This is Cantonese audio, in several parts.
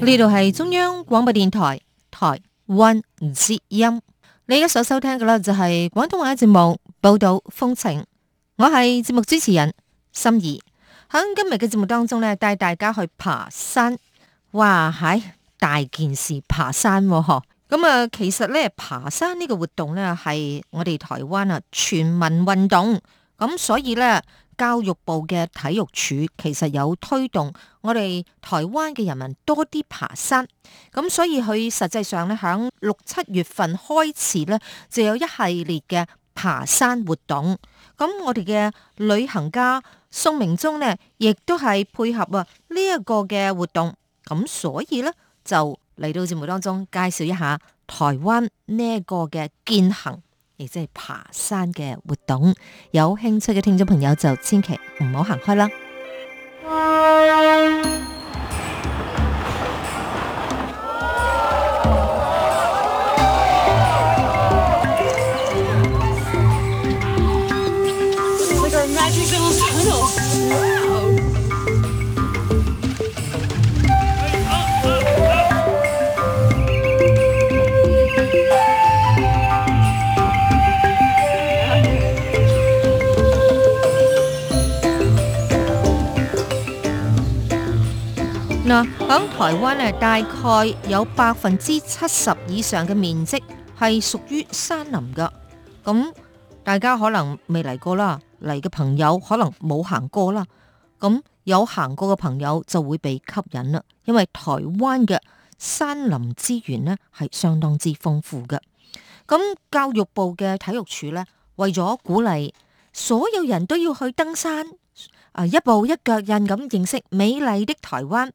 呢度係中央廣播電台台灣之音，你而家所收聽嘅啦，就係廣東話節目報道風情，我係節目主持人心儀。喺今日嘅節目當中呢，帶大家去爬山，哇！喺大件事爬山，咁啊，其實呢，爬山呢個活動呢，係我哋台灣啊全民運動，咁所以呢。教育部嘅體育署其實有推動我哋台灣嘅人民多啲爬山，咁所以佢實際上咧喺六七月份開始咧就有一系列嘅爬山活動，咁我哋嘅旅行家宋明宗呢，亦都係配合啊呢一個嘅活動，咁所以呢，就嚟到節目當中介紹一下台灣呢一個嘅健行。亦即係爬山嘅活動，有興趣嘅聽眾朋友就千祈唔好行開啦。嗱、嗯嗯，台灣、啊、大概有百分之七十以上嘅面積係屬於山林噶。咁、嗯、大家可能未嚟過啦，嚟嘅朋友可能冇行過啦。咁、嗯、有行過嘅朋友就會被吸引啦，因為台灣嘅山林資源呢係相當之豐富嘅。咁、嗯、教育部嘅體育署呢，為咗鼓勵所有人都要去登山，啊，一步一腳印咁認識美麗的台灣。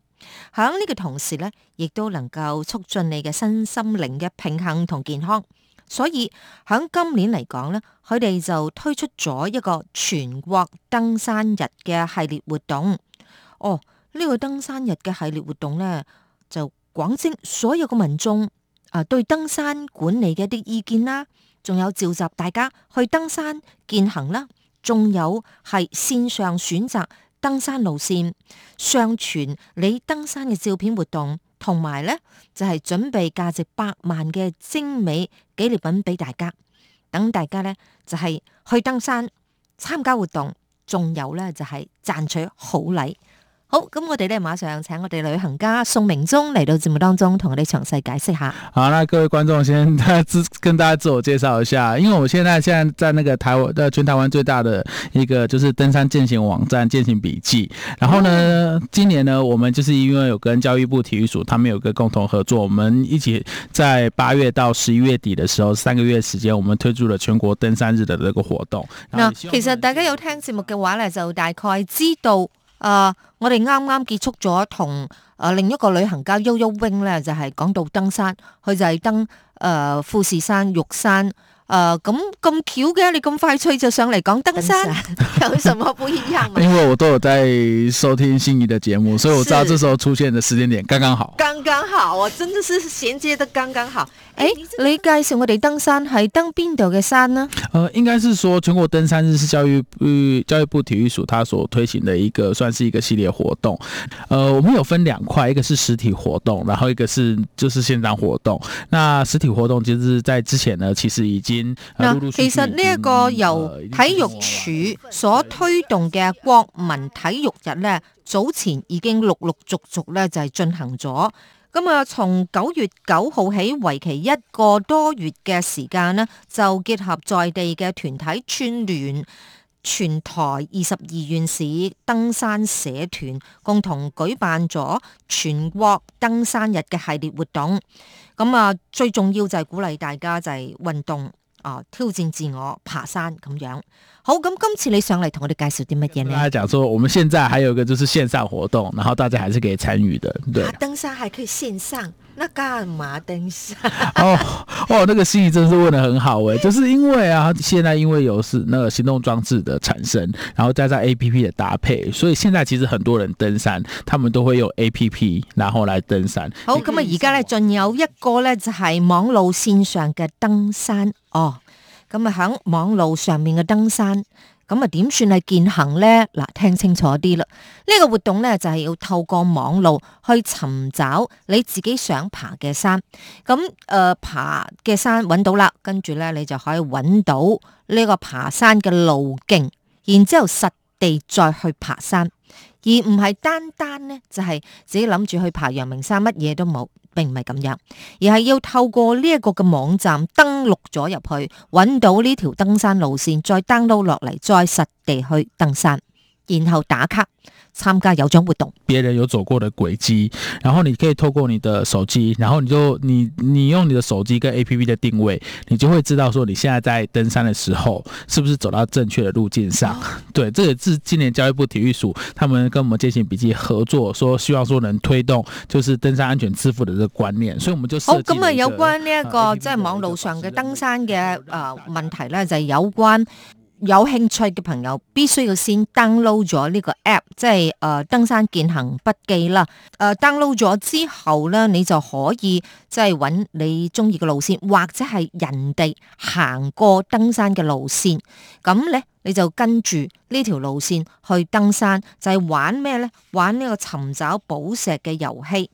喺呢個同時咧，亦都能夠促進你嘅身心靈嘅平衡同健康。所以喺今年嚟講咧，佢哋就推出咗一個全國登山日嘅系列活動。哦、呢、這個登山日嘅系列活動咧，就廣徵所有嘅民眾啊對登山管理嘅一啲意見啦，仲有召集大家去登山健行啦，仲有係綫上選擇。登山路線，上傳你登山嘅照片活動，同埋咧就係、是、準備價值百萬嘅精美紀念品俾大家，等大家咧就係、是、去登山參加活動，仲有咧就係、是、賺取好禮。好，咁我哋咧馬上請我哋旅行家宋明忠嚟到節目當中，同我哋詳細解釋下。好，那各位觀眾先大家自跟大家自我介紹一下，因為我現在現在在那個台灣，全台灣最大的一個就是登山健行網站健行筆記。然後呢，今年呢，我們就是因為有跟教育部體育署，他們有一個共同合作，我們一起在八月到十一月底的時候，三個月時間，我們推出了全國登山日的這個活動。那其實大家有聽節目嘅話呢，就大概知道。啊！我哋啱啱結束咗同啊另一個旅行家悠悠 wing 咧，就係講到登山，佢就係登誒富士山、玉山。誒咁咁巧嘅，你咁快脆就上嚟講登山，有什麼不一樣？因為我都有在收聽星宇的節目，所以我知道呢時候出現的時間點，剛剛好。剛剛好，我真的是銜接得剛剛好。誒、哎，你介紹我哋登山係登邊度嘅山呢？誒、呃，應該是說，全國登山日是教育部教育部體育署，它所推行的一個，算是一個系列活動。呃，我們有分兩塊，一個是實體活動，然後一個是一個就是現場活動。那實體活動其實，在之前呢，其實已經、呃、嚕嚕其實呢一個由體育署所推動嘅國民體育日呢，早前已經陸陸續續咧就係進行咗。咁啊，從九月九號起，為期一個多月嘅時間呢，就結合在地嘅團體串聯，全台二十二縣市登山社團共同舉辦咗全國登山日嘅系列活動，咁啊，最重要就係鼓勵大家就係運動。哦、挑戰自我爬山咁樣好。咁今次你上嚟同我哋介紹啲乜嘢呢？大家講說，我們現在還有一個就是線上活動，然後大家還是可以參與的。對，登山還可以線上，那幹嘛登山？ 哦哦，那個西西真是問得很好誒、欸，就是因為啊，現在因為有是那個行動裝置的產生，然後加上 A P P 的搭配，所以現在其實很多人登山，他們都會用 A P P 然後來登山。好咁啊，而家呢，仲有一個呢，就係、是、網路線上嘅登山。哦，咁啊喺網路上面嘅登山，咁啊點算係健行呢？嗱，聽清楚啲啦，呢、這個活動呢就係、是、要透過網路去尋找你自己想爬嘅山，咁誒、呃、爬嘅山揾到啦，跟住呢你就可以揾到呢個爬山嘅路徑，然之後實地再去爬山，而唔係單單呢，就係、是、自己諗住去爬陽明山，乜嘢都冇。並唔係咁樣，而係要透過呢一個嘅網站登錄咗入去，揾到呢條登山路線，再 download 落嚟，再實地去登山，然後打卡。參加有獎活動，別人有走過的軌跡，然後你可以透過你的手機，然後你就你你用你的手機跟 A P P 的定位，你就會知道說你現在在登山的時候，是不是走到正確的路徑上？對，這也是今年教育部體育署，他們跟我們健行筆記合作，說希望說能推動，就是登山安全致富的這個觀念，所以我們就哦，咁啊，有關呢、這、一個即係、呃就是、網路上嘅登山嘅誒、呃、問題咧，就係、是、有關。有興趣嘅朋友，必須要先 download 咗呢個 app，即係誒登山健行筆記啦。誒 download 咗之後咧，你就可以即係揾你中意嘅路線，或者係人哋行過登山嘅路線。咁咧，你就跟住呢條路線去登山，就係玩咩咧？玩呢個尋找寶石嘅遊戲。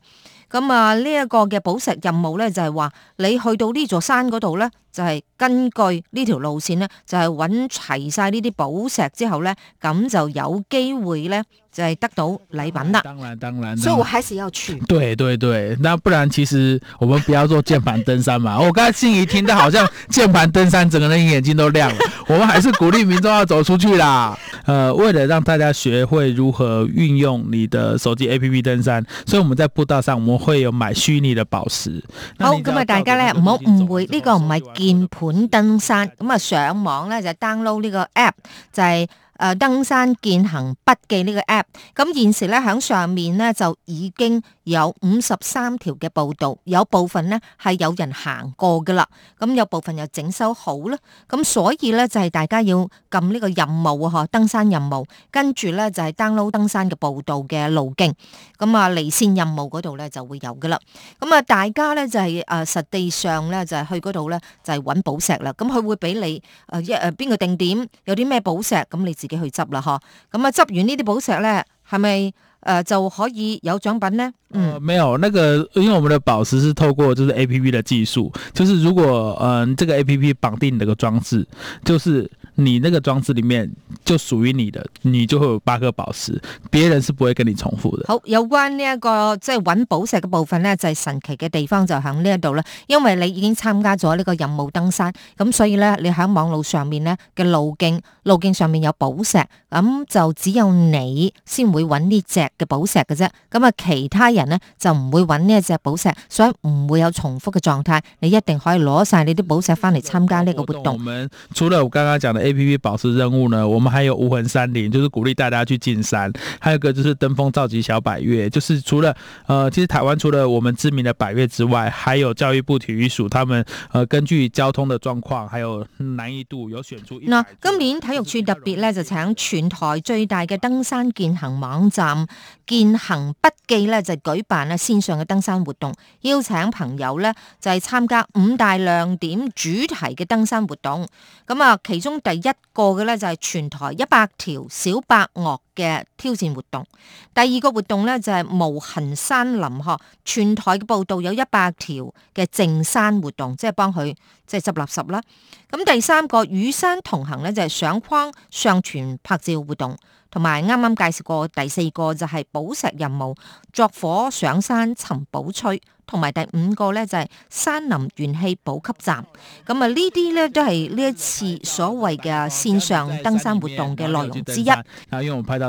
咁啊，呢一個嘅寶石任務咧，就係話你去到呢座山嗰度咧，就係根據呢條路線咧，就係揾齊晒呢啲寶石之後咧，咁就有機會咧。係、就是、得到禮品啦，當然當然，所以、so, 我還是要去。對對對，那不然其實我們不要做鍵盤登山嘛。 我剛才欣怡聽到好像鍵盤登山，整個人眼睛都亮了。 我們還是鼓勵民眾要走出去啦。呃，為了讓大家學會如何運用你的手機 A P P 登山、嗯，所以我們在步道上，我們會有買虛擬的寶石。好，咁啊大家呢，唔好誤會呢個唔係鍵盤登山，咁、這、啊、個、上網呢，就 download 呢個 app 就係呃，登山健行筆記呢個 app，咁現時咧喺上面咧就已經。有五十三條嘅步道，有部分咧係有人行過噶啦，咁有部分又整修好啦，咁所以咧就係、是、大家要撳呢個任務啊，嗬，登山任務，跟住咧就係、是、download 登山嘅步道嘅路徑，咁啊離線任務嗰度咧就會有噶啦，咁啊大家咧就係、是、誒實際上咧就係、是、去嗰度咧就係揾寶石啦，咁佢會俾你誒一誒邊個定點有啲咩寶石，咁你自己去執啦，嗬，咁啊執完呢啲寶石咧係咪？呃，就可以有獎品呢。嗯、呃，沒有，那個因為我們的寶石是透過就是 A P P 的技術，就是如果嗯、呃，這個 A P P 綁定一個裝置，就是。你呢個裝置裏面就屬於你的，你就會有八顆寶石，別人是不會跟你重複的。好，有關呢、這、一個即係搵寶石嘅部分呢，就係、是、神奇嘅地方就喺呢一度啦。因為你已經參加咗呢個任務登山，咁所以呢，你喺網路上面呢嘅路徑，路徑上面有寶石，咁就只有你先會搵呢隻嘅寶石嘅啫。咁啊，其他人呢，就唔會搵呢一隻寶石，所以唔會有重複嘅狀態。你一定可以攞晒你啲寶石翻嚟參加呢個活動。我們除了我剛剛講嘅。A.P.P. 寶石任務呢，我們還有無痕山林，就是鼓勵大家去淨山；，還有個就是登峰造極小百岳，就是除了呃，其實台灣除了我們知名的百岳之外，還有教育部體育署他們呃，根據交通的狀況還有難易度，有選出。那今年體育署特別呢，就請全台最大嘅登山健行網站健行筆記呢，就舉辦呢線上嘅登山活動，邀請朋友呢，就係參加五大亮點主題嘅登山活動。咁啊，其中第一個嘅咧就係全台一百條小百岳。嘅挑戰活動，第二個活動咧就係、是、無痕山林呵，全台嘅步道有一百條嘅淨山活動，即係幫佢即係執垃圾啦。咁第三個與山同行咧就係相框上傳拍照活動，同埋啱啱介紹過第四個就係寶石任務，作夥上山尋寶趣，同埋第五個咧就係、是、山林元氣補給站。咁啊，呢啲咧都係呢一次所謂嘅線上登山活動嘅內容之一。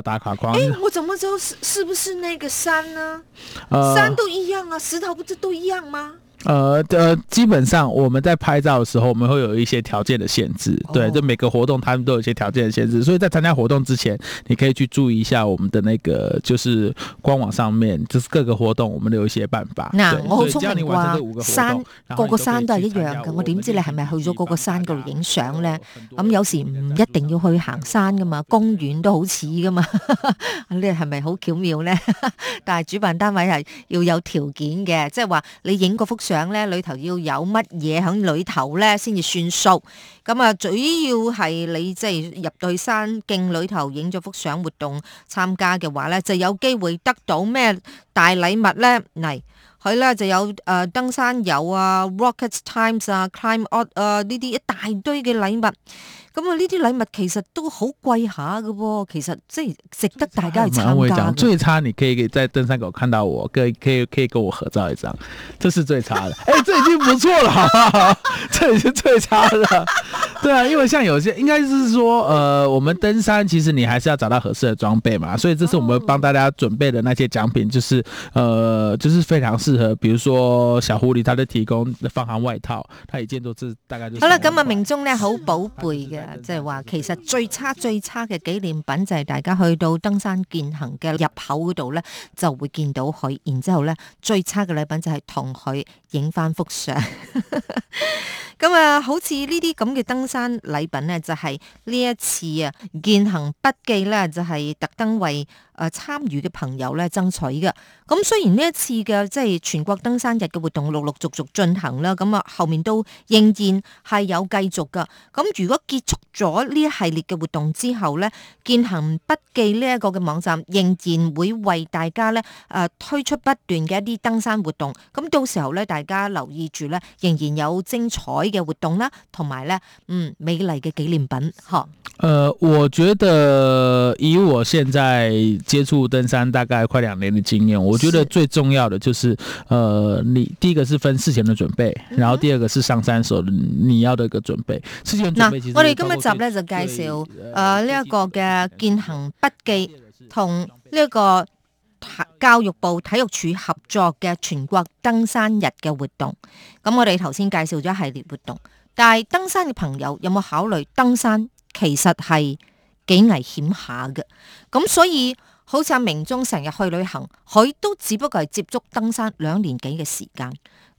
打卡框。欸，哎，我怎麼知道是是不是那個山呢？呃，山都一樣啊，石頭不是都一樣嗎？呃，呃，基本上我們在拍照的時候，我們會有一些條件的限制，哦、對，就每個活動他們都有一些條件的限制，所以在參加活動之前，你可以去注意一下我們的那個，就是官網上面，就是各個活動我們都有一些辦法，啊、對，我只要你完成這五個山，山是個個山都係一樣嘅，我點知你係咪去咗嗰個山度影相咧？咁、嗯嗯、有時唔一定要去行山噶嘛，嗯，公園都好似噶嘛，你係咪好巧妙咧？ 但係主辦單位係要有條件嘅，即係話你影個幅。相咧，裏頭要有乜嘢喺裏頭咧，先至算數。咁啊，主要係你即係入對山徑裏頭影咗幅相，活動參加嘅話咧，就有機會得到咩大禮物咧？嚟，佢咧就有誒、呃，登山友啊 Robert Timms 啊，Climb On 啊呢啲一大堆嘅禮物。咁啊！呢啲禮物其實都好貴下嘅，其實即係值得大家去參加最。最差你可以喺在登山口看到我，可以可以可以跟我合照一張，這是最差的。誒、 欸，這已經不錯啦， 這已經最差的。對啊，因為像有些，應該是說，呃，我們登山其實你還是要找到合適的裝備嘛。所以，這是我們幫大家準備的那些獎品、哦，就是，呃，就是非常適合。比如說小狐狸，他都提供防寒外套，他一件都至大概就。好啦，咁啊，命中呢，好寶貝嘅。即係話，就是、其實最差最差嘅紀念品就係大家去到登山健行嘅入口嗰度呢，就會見到佢。然之後呢，最差嘅禮品就係同佢影翻幅相。 咁啊，好似呢啲咁嘅登山禮品咧，就係、是、呢一次啊健行筆記咧，就係特登為誒參與嘅朋友咧爭取嘅。咁雖然呢一次嘅即係全國登山日嘅活動陸陸續續進行啦，咁啊後面都仍然係有繼續噶。咁如果結束咗呢一系列嘅活動之後咧，健行筆記呢一個嘅網站仍然會為大家咧誒、啊、推出不斷嘅一啲登山活動，咁到時候咧，大家留意住咧，仍然有精彩。嘅活動啦，同埋咧，嗯，美麗嘅紀念品，嗬。誒、呃，我覺得以我現在接觸登山大概快兩年的經驗，我覺得最重要的就是，誒、呃，你第一個是分事前嘅準備、嗯，然後第二個是上山時候你要的一個準備。事前準備，我哋今日集咧就介紹，誒，呢、呃、一、這個嘅健行筆記同呢一個，教育部體育處合作嘅全國登山日嘅活動，咁我哋頭先介紹咗一系列活動，但係登山嘅朋友有冇考慮登山其實係幾危險下嘅，咁所以好似阿明中成日去旅行，佢都只不過係接觸登山兩年幾嘅時間，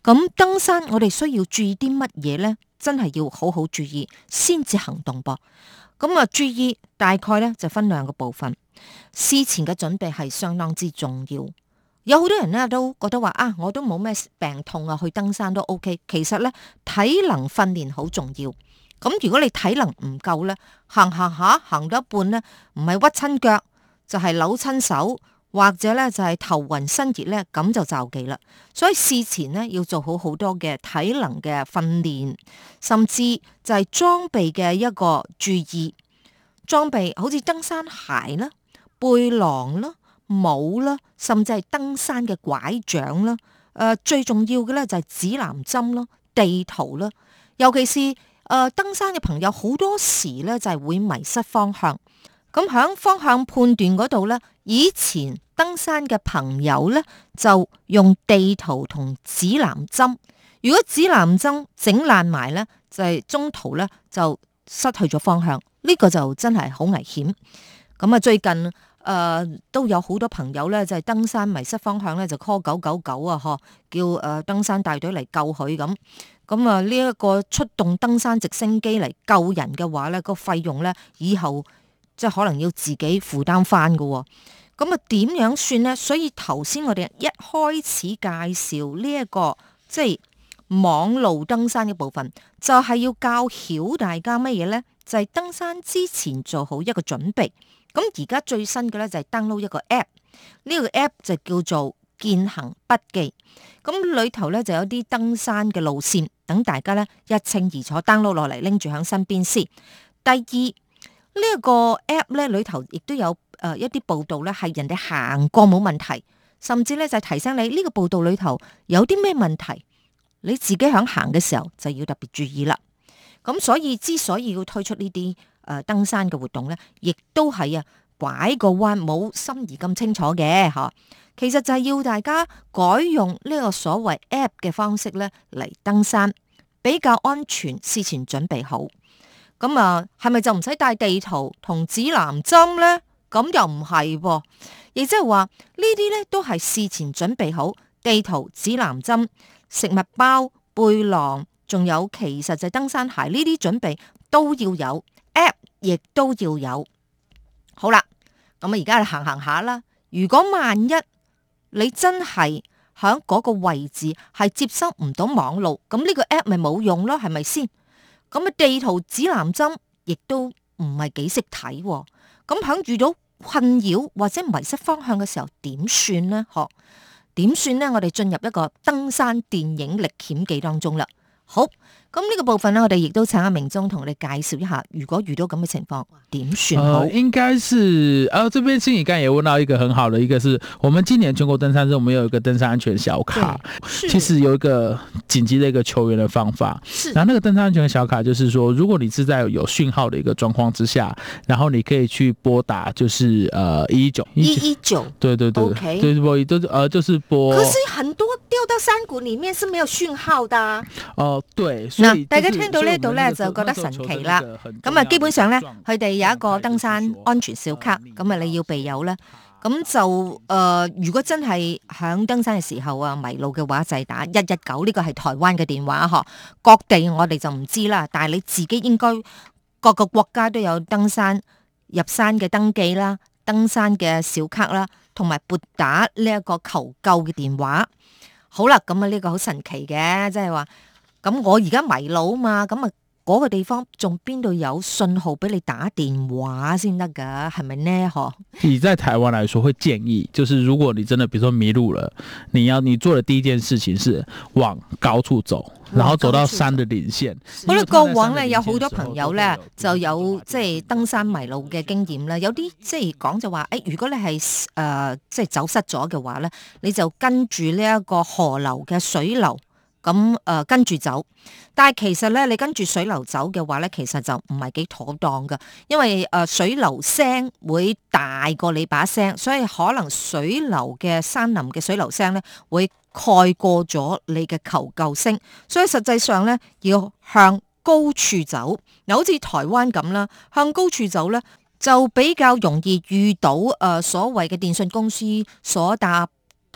咁登山我哋需要注意啲乜嘢呢？真係要好好注意先至行動噃。咁啊，注意大概咧就分兩個部分，事前嘅準備係相當之重要。有好多人咧都覺得話啊，我都冇咩病痛啊，去登山都 OK。其實咧體能訓練好重要。咁如果你體能唔夠咧，行行下行到一半咧，唔係屈親腳就係扭親手。或者咧就係頭暈身熱咧，咁就就忌啦。所以事前咧要做好好多嘅體能嘅訓練，甚至就係裝備嘅一個注意裝備，好似登山鞋啦、背囊啦、帽啦，帽啦甚至係登山嘅拐杖啦。誒、呃，最重要嘅咧就係指南針咯、地圖啦。尤其是誒、呃、登山嘅朋友，好多時咧就係、是、會迷失方向。咁響方向判斷嗰度咧。以前登山嘅朋友咧就用地圖同指南針，如果指南針整爛埋咧，就係中途咧就失去咗方向，呢、這個就真係好危險。咁啊，最近誒、呃、都有好多朋友咧就係登山迷失方向咧，就 call 九九九啊，嗬，叫誒登山大隊嚟救佢咁。咁啊呢一個出動登山直升機嚟救人嘅話咧，個費用咧以後。即可能要自己負擔翻喎。咁啊，點樣算咧？所以頭先我哋一開始介紹呢一個即係網路登山嘅部分，就係、是、要教曉大家乜嘢咧？就係、是、登山之前做好一個準備。咁而家最新嘅咧就係 download 一個 app，呢個 app 就叫做健行筆記。咁裏頭咧就有啲登山嘅路線，等大家咧一清二楚 download 落嚟拎住喺身邊先。第二。呢、這、一個 app 咧，裏頭亦都有誒，一啲報道咧，係人哋行過冇問題，甚至咧就係提醒你呢個報道裏頭有啲咩問題，你自己響行嘅時候就要特別注意啦。咁所以之所以要推出呢啲誒登山嘅活動咧，亦都係啊拐個彎冇心儀咁清楚嘅吓，其實就係要大家改用呢個所謂 app 嘅方式咧嚟登山，比較安全，事前準備好。咁啊，係咪就唔使帶地圖同指南針咧？咁又唔係，亦即係話呢啲咧都係事前準備好地圖、指南針、食物包、背囊，仲有其實就登山鞋呢啲準備都要有，app 亦都要有。好啦，咁啊，而家行行下啦。如果萬一你真係喺嗰個位置係接收唔到網絡，咁呢個 app 咪冇用咯，係咪先？咁嘅地圖指南針亦都唔係幾識睇喎，咁肯遇到困擾或者迷失方向嘅時候點算咧？嗬？點算咧？我哋進入一個登山電影歷險記當中啦。好，咁呢個部分呢，我哋亦都請阿明忠同你介紹一下，如果遇到咁嘅情況點算好？呃、應該是呃，這邊孫怡剛也問到一個很好的一個是，是我們今年全國登山日，我們有一個登山安全小卡，其實有一個緊急的一個求援的方法。是，然後那個登山安全小卡就是說，如果你是在有訊號的一個狀況之下，然後你可以去撥打，就是呃一九一一九，對對對對，對、okay、對，播，都係，就是播。可是很多掉到山谷裡面是沒有訊號的哦、啊。呃對、嗱、就是，大家聽到這裏呢度咧、那個，就覺得神奇啦。咁啊，基本上咧，佢哋有一個登山安全小卡，咁、嗯、啊，你要備有啦。咁、啊、就誒、呃，如果真係響登山嘅時候啊迷路嘅話，就係、是、打一一九呢個係台灣嘅電話嗬，各地我哋就唔知啦，但係你自己應該各個國家都有登山入山嘅登記啦，登山嘅小卡啦，同埋撥打呢一個求救嘅電話。好啦，咁啊呢個好神奇嘅，即係話。咁我而家迷路嘛，咁啊嗰個地方仲邊度有信號俾你打電話先得噶，係咪呢？嗬！而在台灣來說，會建議，就是如果你真的，比如說迷路了，你要你做的第一件事情是往高處走，然後走到山的稜線。我哋過往咧有好多朋友咧就有即係登山迷路嘅經驗啦、嗯，有啲即係講就話，誒、哎，如果你係誒即係走失咗嘅話咧，你就跟住呢一個河流嘅水流。咁、嗯、誒、呃、跟住走，但係其實咧，你跟住水流走嘅話咧，其實就唔係幾妥當噶，因為誒、呃、水流聲會大過你把聲，所以可能水流嘅山林嘅水流聲咧會蓋過咗你嘅求救聲，所以實際上咧要向高處走，嗱、呃，好似台灣咁啦，向高處走咧就比較容易遇到誒、呃、所謂嘅電信公司所搭誒、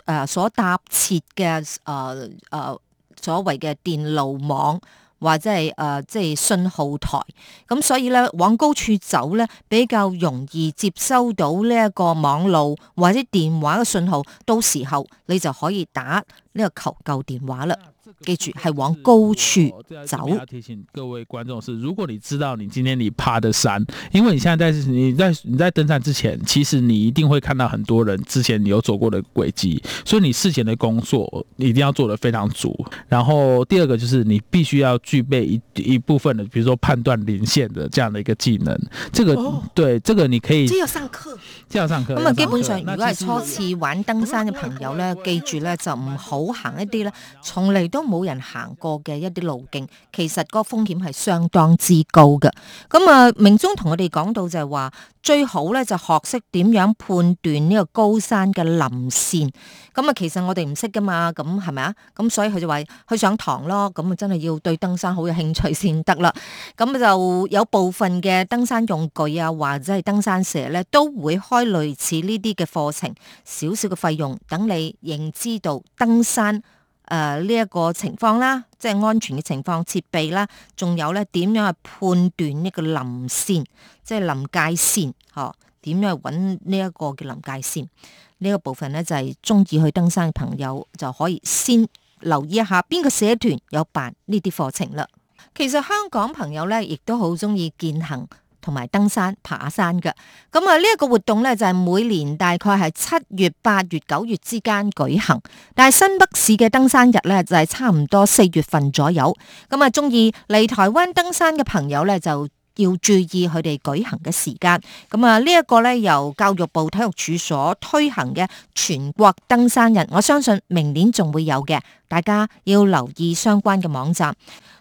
呃、所搭設嘅誒誒。呃呃所謂嘅電路網或者係誒即係信號台，咁所以咧往高處走咧比較容易接收到呢一個網路或者電話嘅信號，到時候你就可以打呢個求救電話啦。記住係往高處走。我要提醒各位觀眾是，如果你知道你今天你爬的山，因為你現在在你在你在登山之前，其實你一定會看到很多人之前你有走過的軌跡，所以你事前的工作你一定要做得非常足。然後第二個就是你必須要具備一一部分的，比如說判斷領線的這樣的一個技能。這個、哦、對，這個你可以。只要上課，只要上課。咁啊，基本上如果係初次玩登山嘅朋友咧、嗯嗯嗯嗯嗯，記住咧就唔好行一啲咧從嚟。都冇人行過嘅一啲路徑，其實個風險係相當之高嘅。咁啊，明宗同我哋講到就係話，最好咧就學識點樣判斷呢個高山嘅林線。咁啊，其實我哋唔識噶嘛，咁係咪啊？咁所以佢就話去上堂咯。咁啊，真係要對登山好有興趣先得啦。咁就有部分嘅登山用具啊，或者係登山社咧，都會開類似呢啲嘅課程，少少嘅費用，等你認知到登山。誒，呢一個情況啦，即係安全嘅情況、設備啦，仲有咧，點樣去判斷呢個臨線，即係臨界線，呵、哦？點樣去揾呢一個嘅臨界線呢、這個部分咧？就係中意去登山嘅朋友就可以先留意一下邊個社團有辦呢啲課程啦。其實香港朋友咧，亦都好中意健行。同埋登山、爬山嘅咁啊，呢、這、一個活動呢，就係每年大概係七月、八月、九月之間舉行。但係新北市嘅登山日呢，就係差唔多四月份左右。咁啊，中意嚟台灣登山嘅朋友呢，就要注意佢哋舉行嘅時間。咁啊，呢一個呢，由教育部體育署所推行嘅全國登山日，我相信明年仲會有嘅。大家要留意相關嘅網站。呢、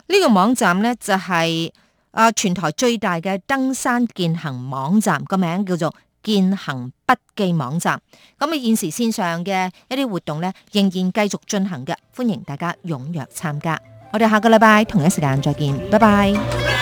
這個網站呢，就係、是。啊！全台最大嘅登山健行網站，個名叫做健行筆記網站，咁啊現時線上嘅一啲活動呢，仍然繼續進行嘅，歡迎大家踴躍參加。我哋下個禮拜同一時間再見，拜拜。